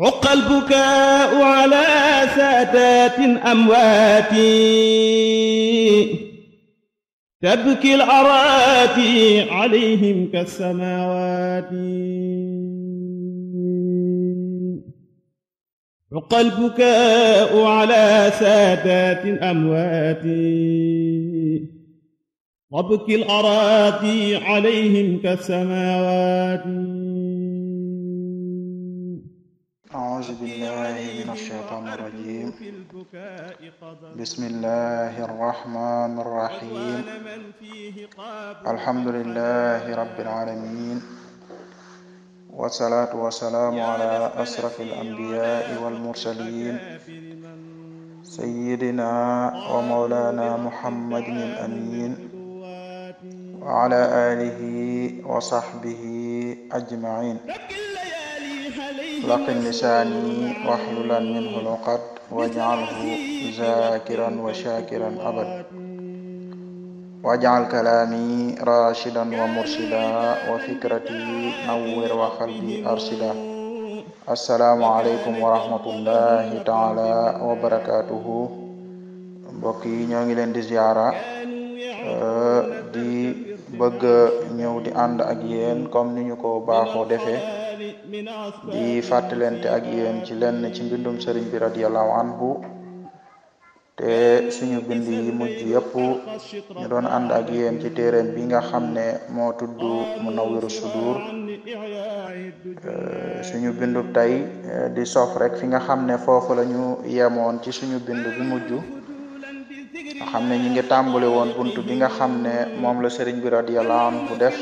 حق البكاء على سادات أمواتي تبكي الأراتي عليهم كالسماوات حق البكاء على سادات أمواتي تبكي الأراتي عليهم كالسماوات أعوذ بالله من الشيطان الرجيم بسم الله الرحمن الرحيم الحمد لله رب العالمين والصلاة والسلام على أشرف الأنبياء والمرسلين سيدنا ومولانا محمد الأمين وعلى آله وصحبه أجمعين laqin lisaani waxlulan minhu loqat wajcalhu zakiran wa abad wajcal kalaami rashidan wa mursida wa fikrati nawwir wa qalbi arshida assalaamu aleykum wa rahmatullahi wa barakatuhu mbokk yi ñoo ngi leen di ziyaara eh, di bëgg ñëw di ànd yéen comme ni ko baaxoo defee di fàttalente ak yéen ci lenn ci mbindum sëriñ bi radiyallahu anhu te suñu bind yi mujj yëpp ñu doon ànd ak yéen ci téeréem bi nga xam ne moo tudd Munawwiru Sudur euh, suñu bindu tey euh, di sof rek fi nga xam ne foofu lañu yemoon ci suñu bind bi mujj nga xam ne ñi ngi tàmbale woon bunt bi nga xam ne moom la sëriñ bi radiyallahu anhu def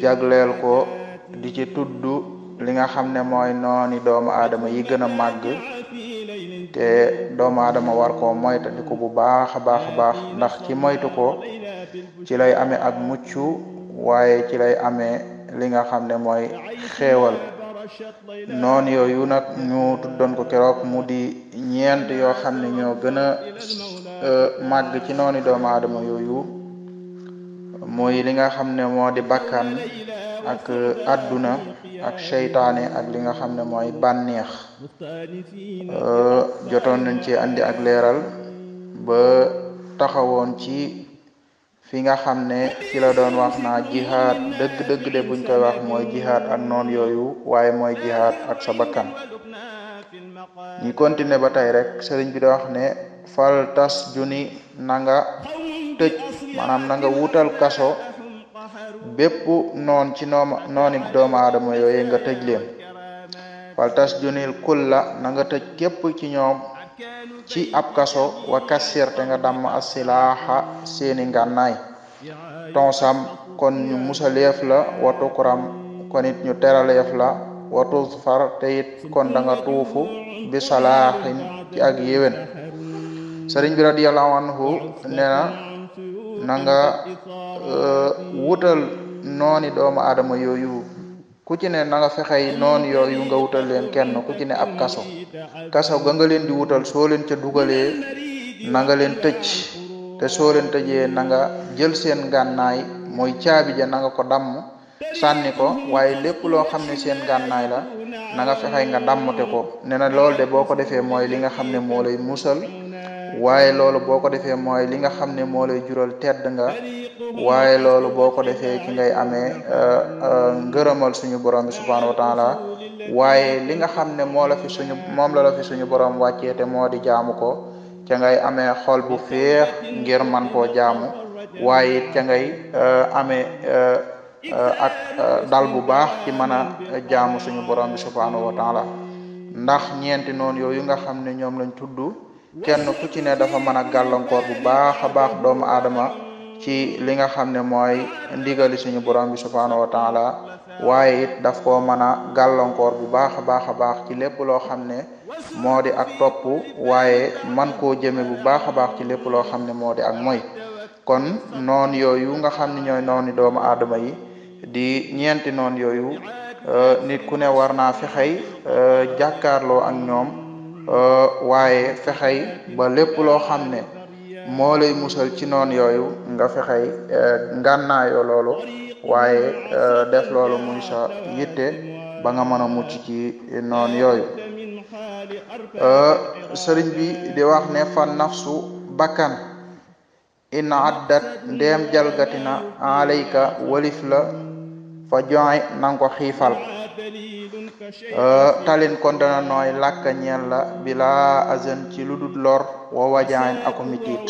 jagleel ko di ci tuddu li nga xam ne mooy nooni doomu aadama yi gën a màgg te doomu aadama war koo moytandiku bu baax a baax baax ndax ci moytu ko ci lay ame ak mucc waaye ci lay amee li nga xam ne mooy xéewal noon yooyu nag ñu tuddoon ko mu di ñeent yoo xam ne ñoo gën a e, màgg ci nooni doomu aadama yooyu muy li nga xam ne moo di bakkan ak adduna euh, ak seytaane ak li nga xam ne mooy bànneex euh, jotoon nañ ci andi ak leeral ba taxawoon ci fi nga xam ne ci la doon wax naa jihaad de buñ koy wax mooy jihaad ak noon yooyu waaye mooy jihaad ak sa bakkan ñu continuer ba tey rek sëriñ bi da wax ne fal tas juni nanga nga tëj maanaam wutal kaso bépp noon ci nooma nooni doomu aadama yooyu nga tëj leen wal tas junil kulla na nga tëj képp ci ñoom ci ab kaso wa kassir te nga damm asilaaxa seeni ngànnaay tonsam kon ñu musaleef la wa tukram kon it ñu teraleef la wa tuzfar kon da tuufu bi salaaxin ci ak yéwén sëriñ bi radiyallahu anhu nee na nga eh, wutal nooni doomu aadama yooyu ku ci ne na nga fexey noon yooyu nga wutal leen kenn ku ci ne ab kaso kaso ga nga leen di wutal soo leen ca dugalee nanga leen tëj te soo leen tëjee nanga jël seen gànnaay mooy caabi ja nanga ko damm sànni ko waaye lépp loo xam ne seen gànnaay la nanga nga fexey nga dammte ko ne na loolu de boo ko defee mooy li nga xam ne moo lay musal waaye loolu boo ko defee mooy li nga xam ne moo lay jural tedd nga waaye loolu boo ko defee ki ngay amee euh, euh, ngërëmal suñu borom bi subhaanahu wa la waaye li nga xam ne moo la fi suñu moom la la fi suñu borom wàccee te moo di jaamu ko ca ngay amee xol bu féex ngir man koo jaamu waaye ca ngay euh, ame ak dal bu baax ci mën a jaamu suñu borom bi subhaanahu wa taala ndax ñeenti noon yooyu nga xam ne ñoom lañ tudd kenn ku ci ne dafa mën a gàllankoor bu baax a baax doomu aadama ci li nga xam ne mooy ndigali suñu borom bi subhaanahu wa taala waaye it daf koo mën a gàllankoor bu baax a baax a baax ci lépp loo xam ne moo di ak topp waaye man koo jëme bu baax a baax ci lépp loo xam ne moo di ak moy kon noon yooyu nga xam ne ñooy nooni doomu aadama yi di ñeenti noon yooyu uh, nit ku ne war naa fexey uh, jàkkaarloo ak ñoom Euh, waaye fexey ba lépp loo xam ne moo lay musal ci noon yooyu nga fexey euh, ngànnaayoo loolu waaye euh, def loolu muy sa yitte ba nga mën a mucc ci noon yooyu sëriñ bi di wax ne fa nafsu bakkan in addat ndeem jalgatina alayka walif la fa joxe nanga ko xiifal Euh, talin kon dana nooy làkk ñeel la bilaa azan ci lu dul lor wa wajaan ak mitit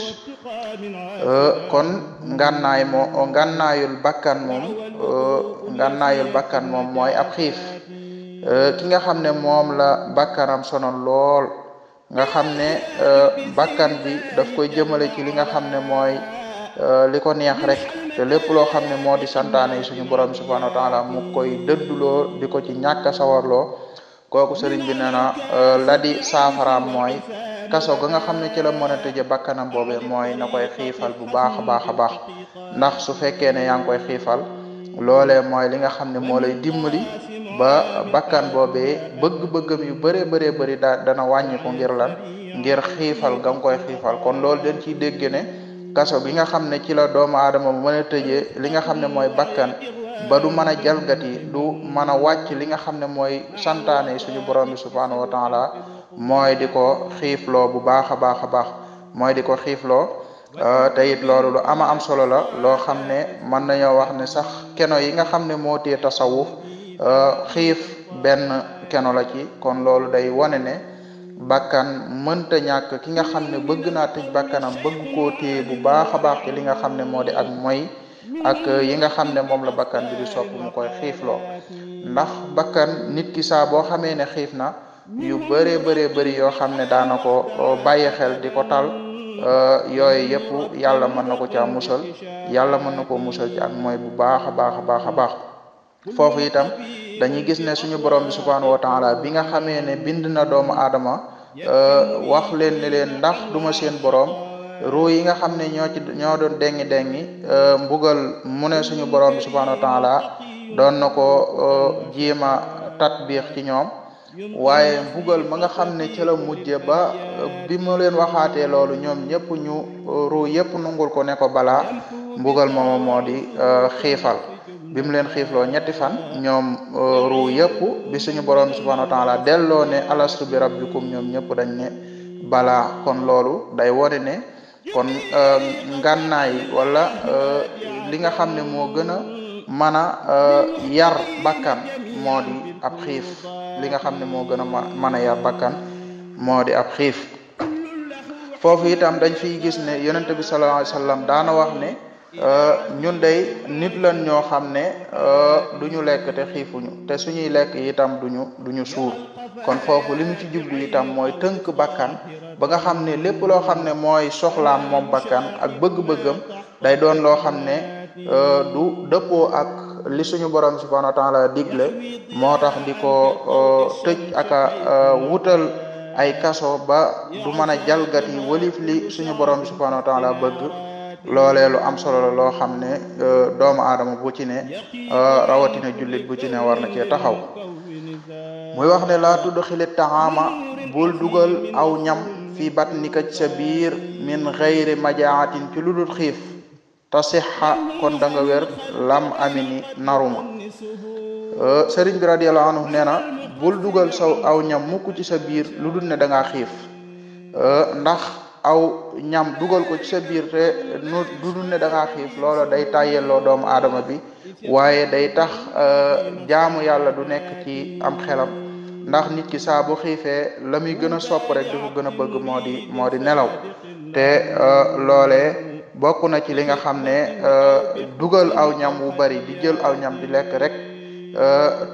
euh, kon ngànnaay moo euh, ngànnaayul bakkan moom mooy ab xiif ki nga xam ne moom la bakkanam sono lool nga xam ne bakkan bi daf koy jëmale ci li nga xam ne mooy li ko neex rek te lépp loo xam ne moo di santaane suñu borom subhanahu wa taala mu koy dëdduloo di ko ci ñàkk a kooku sëriñ bi na na euh, la di saafaraam mooy kaso ga nga xam ne ci la mën a tëje bakkanam boobee mooy na koy xiifal bu baax a baax a baax ndax su fekkee ne yaa ngi xiifal loolee mooy li nga xam ne moo lay dimbali ba bakkan boobee bëgg-bëggam yu bëree bëree bëri da dana wàññi ko ngir lan ngir xiifal ga nga koy xiifal kon loolu den ci dégg kaso bi nga xam ne ci la doomu aadama bu mën a tëjee li nga xam ne mooy bakkan ba du mën a jalgati du mën a wàcc li nga xam ne mooy santaane suñu borom bi subhaanahu wa la mooy di ko xiifloo bu baax a baax a baax mooy di ko xiifloo euh, te it loolu lu ama am solo la loo xam ne mën nañoo wax ne sax keno yi nga xam ne moo tee tasawuf euh, xiif benn keno la ci kon loolu day wane ne bakkan mënta ñàkk ki nga xam ne bëgg naa tëj bakkanam bëgg koo téye bu baax a baax li nga xam ne moo di ak moy ak yi nga xam ne moom la bakkan bi di sopp mu koy xiifloo ndax bakkan nit ki saa boo xamee ne xiif na yu bëree bëree bëri yoo xam ne daana ko bàyyi xel di ko tal yooyu yëpp yàlla mën na ko caa musal yàlla mën na ko musal ci ak mooy bu baax a baax a baax a baax foofu itam dañuy gis ne suñu borom bi subhanahu wa taala bi nga xamee ne bind na doomu aadama euh, wax leen ne leen ndax duma seen borom ruu yi nga xam ne ñoo ñoo doon dengi dengi euh, mbugal mu ne suñu borom bi subhanahu wa taala doon na ko euh, jéem a tatbiix ci ñoom waaye mbugal ma nga xam ne ca la ba bi mu leen waxaatee loolu ñoom ñëpp ñu ruu yëpp nungul ko ne ko balaa mbugal mooma moo di xiifal bi mu leen xiifloo ñetti fan ñoom euh, ruu yëpp bi suñu borom subhanahu wa taala delloo ne alastu bi rabbikum ñoom ñëpp dañ ne balaa kon loolu day wone ne kon euh, ngànnaay wala euh, li nga xam ne moo gën a mën a yar bakkan moo ab xiif li nga xam ne moo gën a mën a xiif foofu itam dañ fi gis ne yonente bi sallallahu wa sallam daana wax ne Euh, ñun day nit lan ñoo xam ne euh, du ñu lekk te xiifuñu te suñuy lekk itam duñu du ñu suur kon foofu li mu ci jublu itam mooy tënk bakkan ba nga xam ne lépp loo xam ne mooy soxlaam moom bakkan ak bëgg-bëggam day doon loo xam ne euh, du dëppoo ak li suñu borom subhanahu wa taala digle moo tax di ko tëj ak a wutal ay kaso ba du mën a jalgati walif li suñu borom subhanahu wa bëgg loolee lu am solo la loo xam ne euh, doomu aadama bu ci ne euh, rawatina jullit bu ci ne war na cee taxaw muy wax ne laa tudd xilit taxaama bul dugal aw ñam fii batnika ci sa biir min xayri majaatin ci lu dul xiif te sixa kon danga nga wér lam amini naruma euh, sëriñ bi radiyallahu anhu nee na bul dugal saw aw ñam mukk ci sa biir lu ne danga xiif ndax aw ñam dugal ko ci sa biir te nu dudul ne xiif loola day tàyyelloo doomu aadama bi waaye day tax euh, jaamu yàlla du nekk ci am xelam ndax nit ki saa bu xiifee la muy gën a sopp rek di gën a bëgg moo di moo di nelaw te euh, loole bokk na ci li nga xam ne euh, dugal aw ñam wu bari di jël aw ñam bi lekk rek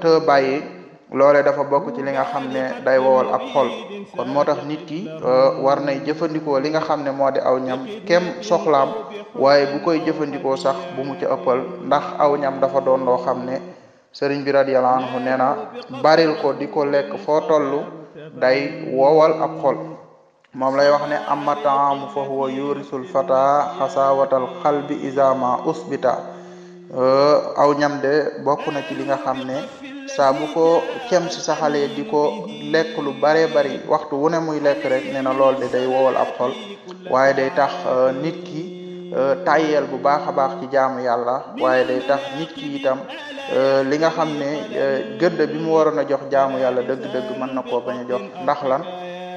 te bàyyi loole dafa bokk ci li nga xam ne day wowal ab xol kon moo tax nit ki euh, war nay jëfandikoo li nga xam ne moo di aw ñam kem soxlaam waaye bu koy jëfandikoo sax bu mu ci ëppal ndax aw ñam dafa doon loo xam ne sëriñ bi radiyallahu anhu nee na baril ko di ko lekk foo tollu day wowal ab xol moom lay wax ne amma taamu fa huwa yurisul fata xasawatal xalbi isama usbita euh, aw ñam de bokk na ci li nga xam ne saa bu ko kem si saxalee di ko lekk lu baree bari waxtu wu ne muy lekk rek nee na lool de day wowal ab xol waaye day tax euh, nit ki euh, tàyyeel bu baax a baax ci jaamu yàlla waaye day tax nit ki itam euh, li nga xam ne gëdd bi mu waroon a jox jaamu yàlla dëgg-dëgg mën na ko bañ a jox ndax lan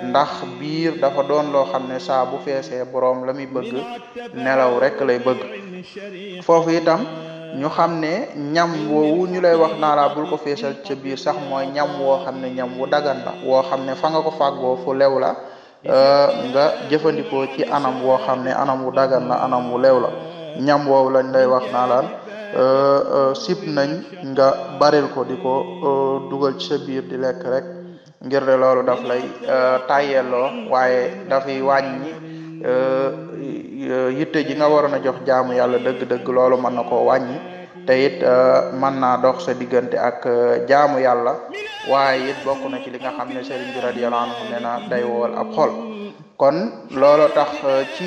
ndax biir dafa doon loo xam ne saa bu feesee boroom la muy bëgg nelaw rek lay bëgg foofu itam ñu xam ne ñam woowu ñu lay wax naa la bul ko feesal ca biir sax mooy ñam woo xam ne ñam wu dagan la woo xam ne fa nga ko fàggoo fu lew la euh, nga jëfandikoo ci anam woo xam ne anam wu dagan na anam wu lew la ñam woowu lañ lay wax naa laan euh, euh, sip nañ nga baril ko di ko dugal ci sa biir di lekk rek ngir de loolu daf lay tàyyeloo waaye dafay wàññi Euh, yitte ji nga waroon a jox jaamu yàlla dëgg-dëgg loolu mën na koo wàññi te it euh, mën naa dox sa diggante ak euh, jaamu yàlla waaye it bokk na ci li nga xam ne sëriñ bi radiyallahu anhu ne day wool ab xol kon loolu tax ci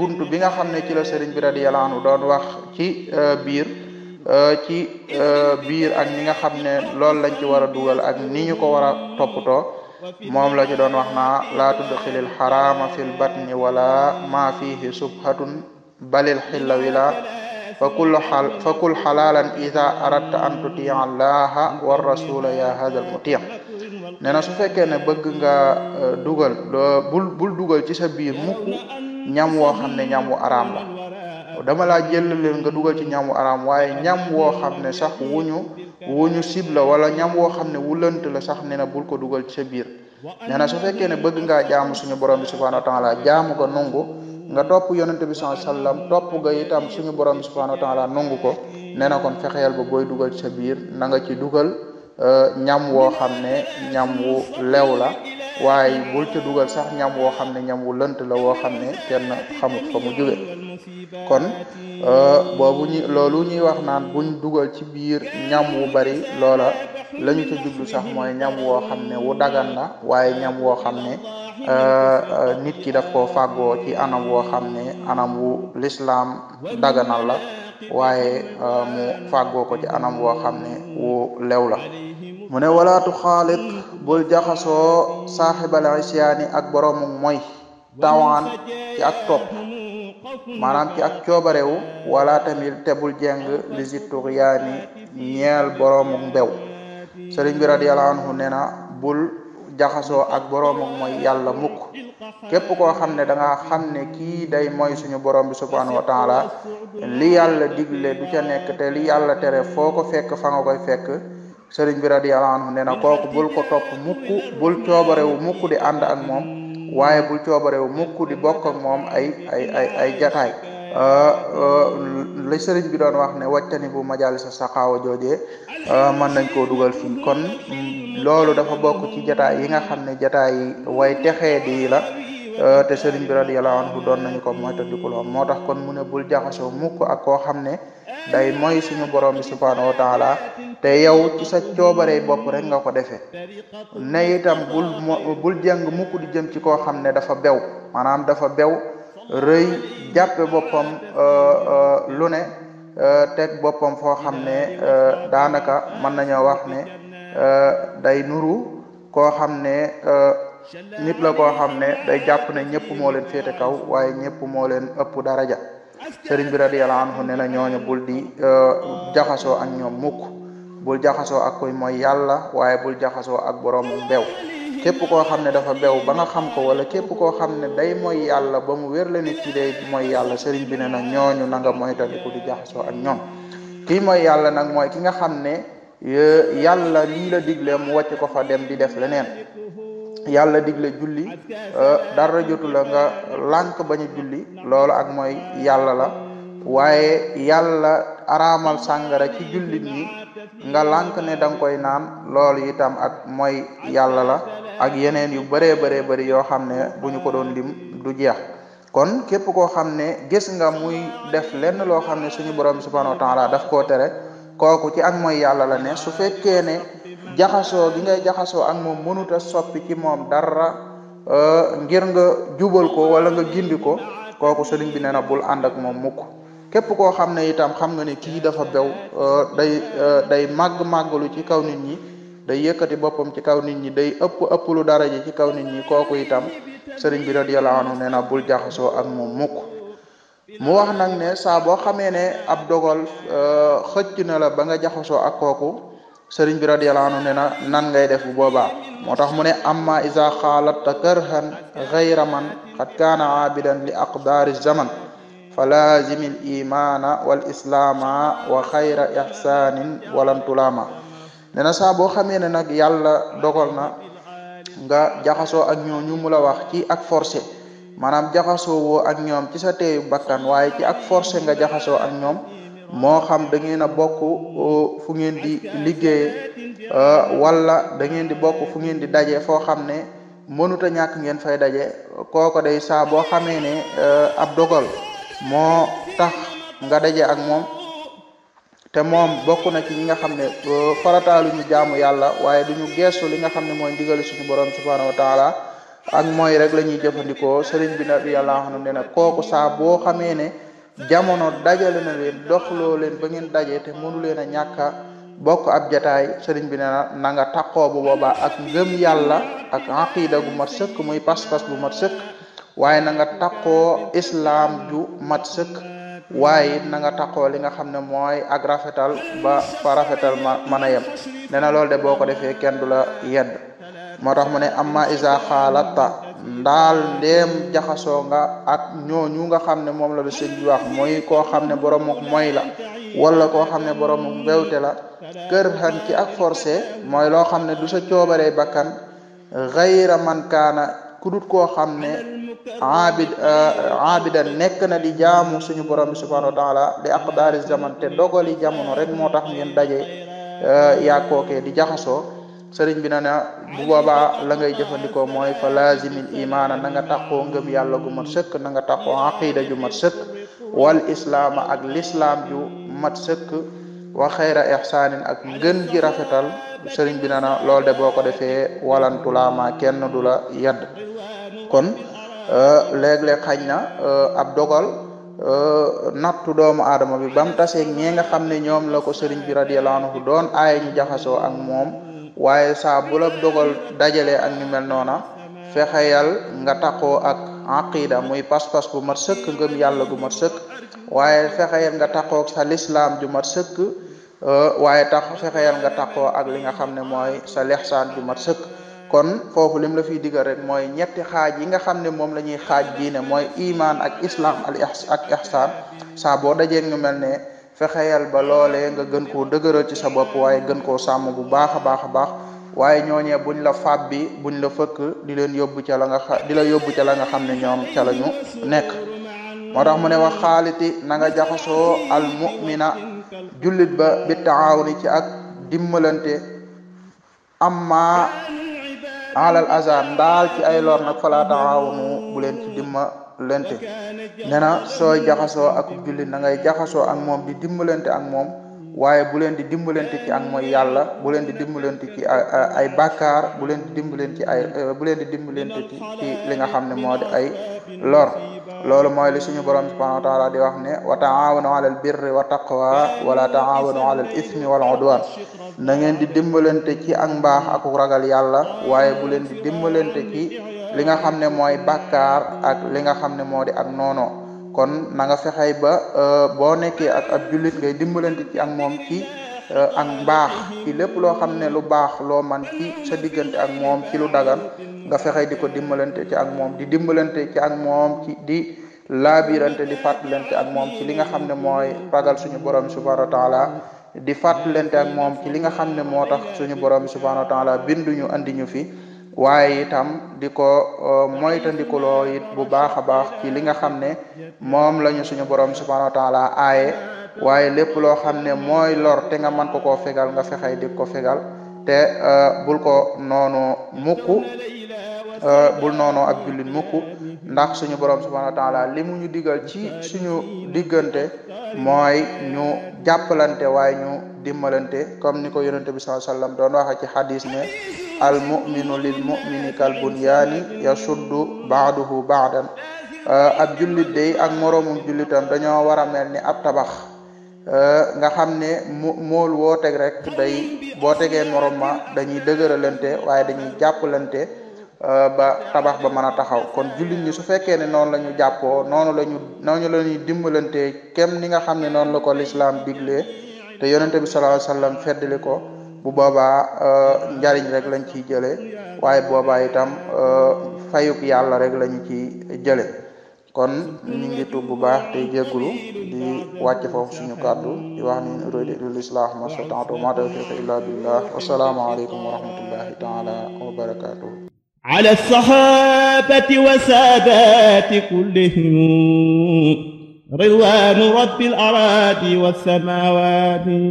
bunt bi nga xam ne ci la sëriñ bi radiyallahu anhu doon wax ci biir ci biir ak ñi nga xam ne loolu lañ ci war a dugal ak ni ñu ko war a toppatoo moom la ci doon wax naa laa tudxilil fil batni wala ma fihi subhatun balil xilla wila fa kul xal fa kul xalaalan ida aradta an rasula ya hada al mutia nee na su fekkee ne bëgg nga e, dugal bul dugal ci sa biir mukk ñam woo ne ñam wu araam la dama laa jël leen nga dugal ci ñam wu araam waaye ñam woo xam ne sax wuñu wu ñu cible wala ñam woo xam ne wulant la sax ne na bul ko dugal ci sa biir nee na su fekkee ne bëgg ngaa jaamu suñu borom bi subhanahu wa taala jaamu ko nungu nga topp yonente bi sallallahu alayhi wasallam topp nga itam suñu borom bi subhanahu wa taala nungu ko nee na kon fexeel ba booy dugal ci sa biir na nga ci dugal euh, ñam woo xam ne ñam wu lew la waaye bul ca dugal sax ñam woo xam ne ñam wu lënt la woo xam ne kenn xamut fa mu jóge kon euh, boobu ñu loolu ñuy wax naan buñ dugal ci biir ñam wu bari loola lañu ñu ca jublu sax mooy ñam woo xam ne wu dagan la waaye ñam woo xam ne euh, euh, nit ki daf koo fàggoo ci anam woo xam ne anam wu lislaam daganal la waaye euh, mu fàggoo ko ci anam woo xam ne wu lew la mu ne walaatu xaalit bul jaxasoo saaxibal isyaani ak boroomu mooy tawaan ci ak topp maanaam ci ak coobarewu wala tamit te bul jeng li si turiyaani ñeel boroomu mbew sëriñ bi radiyallahu anhu nee na bul jaxasoo ak boroomu mooy yàlla mukk képp koo xam ne da nga xam ne kii day mooy suñu borom bi subhanahu wa taala li yàlla digle du ca nekk te li yàlla tere foo ko fekk fanga koy fekk sëriñ bi radiyallahu anhu nee na kooku bul ko topp mukk bul coobarewu mukk di ànd ak moom waaye bul coobarewu mukk di bokk ak moom ay ay jataay Euh, euh, le sëriñ bi doon wax ne wàccani bu majalisa saxaawa joojee euh, man nañ koo dugal fii kon mm, loolu dafa bokk ci jataay yi nga xam ne jataay way texee di la te sëriñ bi radiyallahu anhu doon nañu ko mooy tëddikuloo moo tax kon mu ne bul jaxasoo mukk ak koo xam ne day mooy suñu borom bi subhaanahu wa te yow ci sa coobaree bopp rek nga ko defee jàng mukk di jëm ci koo xam ne dafa bew maanaam dafa bew rëy jàppe boppam euh, euh, lu ne euh, teg boppam foo xam ne daanaka mën nañoo wax ne day nuru koo xam ne nit la koo xam ne day jàpp ne ñëpp moo leen féete kaw waaye ñëpp moo leen ëpp daraja sëriñ bi radiyallahu anhu ne na ñooñu bul di jaxasoo ak ñoom mukk bul jaxasoo ak koy mooy yàlla waaye bul jaxasoo ak borom mbew képp koo xam ne dafa bew ba nga xam ko wala képp koo xam ne day mooy yàlla ba mu wér la nit ci day mooy yàlla sëriñ bi ne na ñooñu na nga moytandiku di jaxasoo ak ñoom kii mooy yàlla nag mooy ki nga xam ne yàlla lii la digle mu wàcc ko fa dem di def leneen yàlla digle julli euh, dara jotu la nga lànk bañ a julli loolu ak mooy yàlla la waaye yàlla araamal sàngara ci julli nii nga lànk ne da nga koy naan loolu itam ak mooy yàlla la ak yeneen yu bëree bëree bari yoo xam ne bu ñu ko doon lim du jeex kon képp koo xam ne gis nga muy def lenn loo xam ne suñu borom subhanahu wa taala daf koo tere kooku ci ak mooy yàlla la ne su fekkee ne jaxasoo gi ngay jaxasoo ak moom mënut soppi ci moom dara euh, ngir nga jubal ko wala nga gindi ko kooku sëriñ bi nee na bul ànd ak moom mukk képp koo xam ne itam xam nga ne kii dafa bew euh, day euh, day màgg màggalu ci kaw nit ñi day yëkkati boppam ci kaw nit ñi day ëpp ëpp lu dara ji ci kaw nit ñi kooku itam sëriñ bi radiyallahu anhu nee na bul jaxasoo ak mu mukk mu wax nag ne saa boo xamee ne ab dogal euh, xëcc na la ba nga jaxasoo ak kooku sëriñ bi radiyallahu anhu nee na nan ngay def bu boobaa moo tax mu ne amma isa xaalatta karhan xayra man xat kaana abidan li aqdaari zaman فلازم الإيمان والإسلام وخير إحسان ولن تلاما nee na saa boo xamee ne nag yàlla dogal na nga jaxasoo ak ñoo ñu mu la wax ci ak forcé maanaam jaxasoo woo ak ñoom ci sa teeyu bakkan waaye ci ak forcé nga jaxasoo ak ñoom moo xam da ngeen a bokk fu ngeen di liggéeye wala da ngeen di bokk fu ngeen di daje foo xam ne mënuta ñàkk ngeen fay daje kooko day saa boo xamee ne e, ab dogal moo tax nga daje ak moom te moom bokk na ci ñi nga xam ne euh, farataalu ñu jaamu yàlla waaye du ñu gestu li nga xam ne mooy ndigali suñu borom subhaanahu wa taala ak mooy rek la ñuy jëfandikoo sëriñ bi radiyallahu anhu ne na kooku saa boo xamee ne jamono dajale na leen doxloo leen ba ngeen daje te mënu leen a ñàkka bokk ab jataay sëriñ bi nee na nanga nga taqoo bu boobaa ak ngëm yàlla ak aqida gu mat sëkk muy pas-pas bu mat sëkk waaye na nga takkoo islaam ju mat sëkk waaye na nga takkoo li nga xam ne mooy ak rafetal ba fa rafetal ma mën a yem nee na loolu de boo ko defee kenn du la yedd moo tax mu ne ama isa xaalata ndaal ndeem jaxasoo nga ak ñooñu nga xam ne moom la du sëñ bi wax mooy koo xam ne borom mooy la wala koo xam ne boroomu mbewte la kër xan ci ak forcé mooy loo xam ne du sa coobaree bakkan xayra man kaana kudut koo xam ne abid euh, abida nekk na di jaamu suñu borom bi subhanahu wa taala di aqdaari zaman te dogali jamono rek moo tax ngeen daje euh, yaa kookee di jaxasoo sëriñ bi na ne bu boobaa la ngay jëfandikoo mooy fa lazimil imaana na nga taxoo ngëm yàlla gu mat sëkk na nga taxoo aqida ju mat sëkk wal islaama ak lislam ju mat sëkk wa xayra ihsaanin ak ngën gi rafetal sëriñ bi na na loolu de boo ko defee walantu laa ma kenn du la yedd kon euh, léeg xañ na euh, ab dogal euh, nattu doomu aadama bi ba mu tasee nga xam ne ñoom la ko sëriñ bi radiyallahu anhu doon aaye ñu jaxasoo ak moom waaye saa bu la dogal dajalee ak ñu mel noona fexeyal nga taqoo ak aqida muy pas-pas bu mat sëkk ngëm yàlla gu mat sëkk waaye fexeyal nga taqoo sa lislaam ju mat sëkk Euh, waaye tax fexeyal nga takkoo ak li nga xam ne mooy sa lexsaan ju mat sëkk kon foofu lim la fiy digal rek mooy ñetti xaaj yi nga xam ne moom la ñuy xaaj diine mooy iman ak islam al ak ihsaan saa boo dajee ñu mel ne fexeyal ba loolee nga gën koo dëgëral ci sa bopp waaye gën koo sàmm bu baax a baax a baax waaye ñooñee buñ la fab bi buñ la fëkk di leen yóbbu ca la nga di la yóbbu ca la nga xam ne ñoom ca la ñu nekk moo tax mu ne wax xaaliti na jaxasoo al julit ba bi taawuni ci ak dimbalante amma alal azan ndaal ci ay lor nag falaa taawunu bu leen ci dimbalante nee na sooy jaxasoo ak jullit na ngay jaxasoo ak moom di dimbalante ak moom waaye bu leen di dimbalante ci ak mooy yàlla bu leen di dimbalante ci ay bàkkaar bu leen di dimbalante ci ay bu leen di dimbalante ci li nga xam ne moo di ay lor loolu mooy li suñu borom subhanahu wa taala di wax ne wa taawanu alal birri wa taqwa wala taawanu alal ismi wal udwan na ngeen di dimbalante ci ak mbaax ak ragal yàlla waaye bu leen di dimbalante ci li nga xam ne mooy bàkkaar ak li nga xam ne moo di ak noono kon na nga fexey ba euh, boo nekkee ak ab jullit ngay dimbalante ci ak moom ci Euh, ak mbaax ci lépp loo xam ne lu baax loo man ci sa diggante ak moom ci lu dagan nga fexe di ko dimbalante ci ak moom di dimbalante ci ak moom ci di laabirante di fàttalante ak moom ci li nga xam ne mooy ragal suñu borom subhanahu wa di di fàttalante ak moom ci li nga xam ne moo tax suñu borom subhanahu wa binduñu andi ñu fi waaye itam di ko euh, moytandikuloo it bu baax a baax ci li nga xam ne moom lañu suñu borom subhanahu wa taala aaye waaye lépp loo xam ne mooy lor te nga man ko koo fegal nga fexey di ko fegal te euh, bul ko noonu mukk euh, bul noonu ak jullit mukk ndax suñu borom subhanahu wa taala li mu ñu digal ci suñu diggante mooy ñu jàppalante waaye ñu dimbalante comme ni ko yonente bi sallallahu alayhi wasallam doon waxe ci xadis ne al muminu lil mumini kal bunyaani yasuddu baaduhu baadan euh, ab jullit day ak moroomum jullitam dañoo war a mel ni ab tabax Euh, nga xam ne mu mool woo teg rek day boo tegee morom ma dañuy dëgëralante waaye dañuy jàppalante euh, ba tabax ba mën a taxaw kon jullit ñi su fekkee ne noonu la ñu jàppoo noonu la ñu noonu la ñuy dimbalante kem ni nga xam ne noonu la ko lislaam digle te yonente bi sallallahu alayhi wasallam feddali ko bu boobaa euh, njariñ rek lañ ciy jële waaye boobaa itam fayuk yàlla rek lañu ci jële kon ñu ngi tuub bu baax tey jéggulu di wàcc foofu suñu kàddu di wax ni uride lil islah ma sata'tu ma tawfiqi illa billah wasalaamu aleykum wa rahmatullahi taala wa barakatuhu ala sahabati wa sadati kullihim ridwanu rabbil aradi wassamawati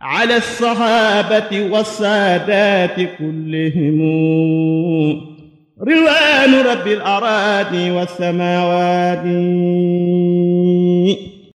على الصحابة والسادات كلهم ridwaanu rabbil araadi was samaawaati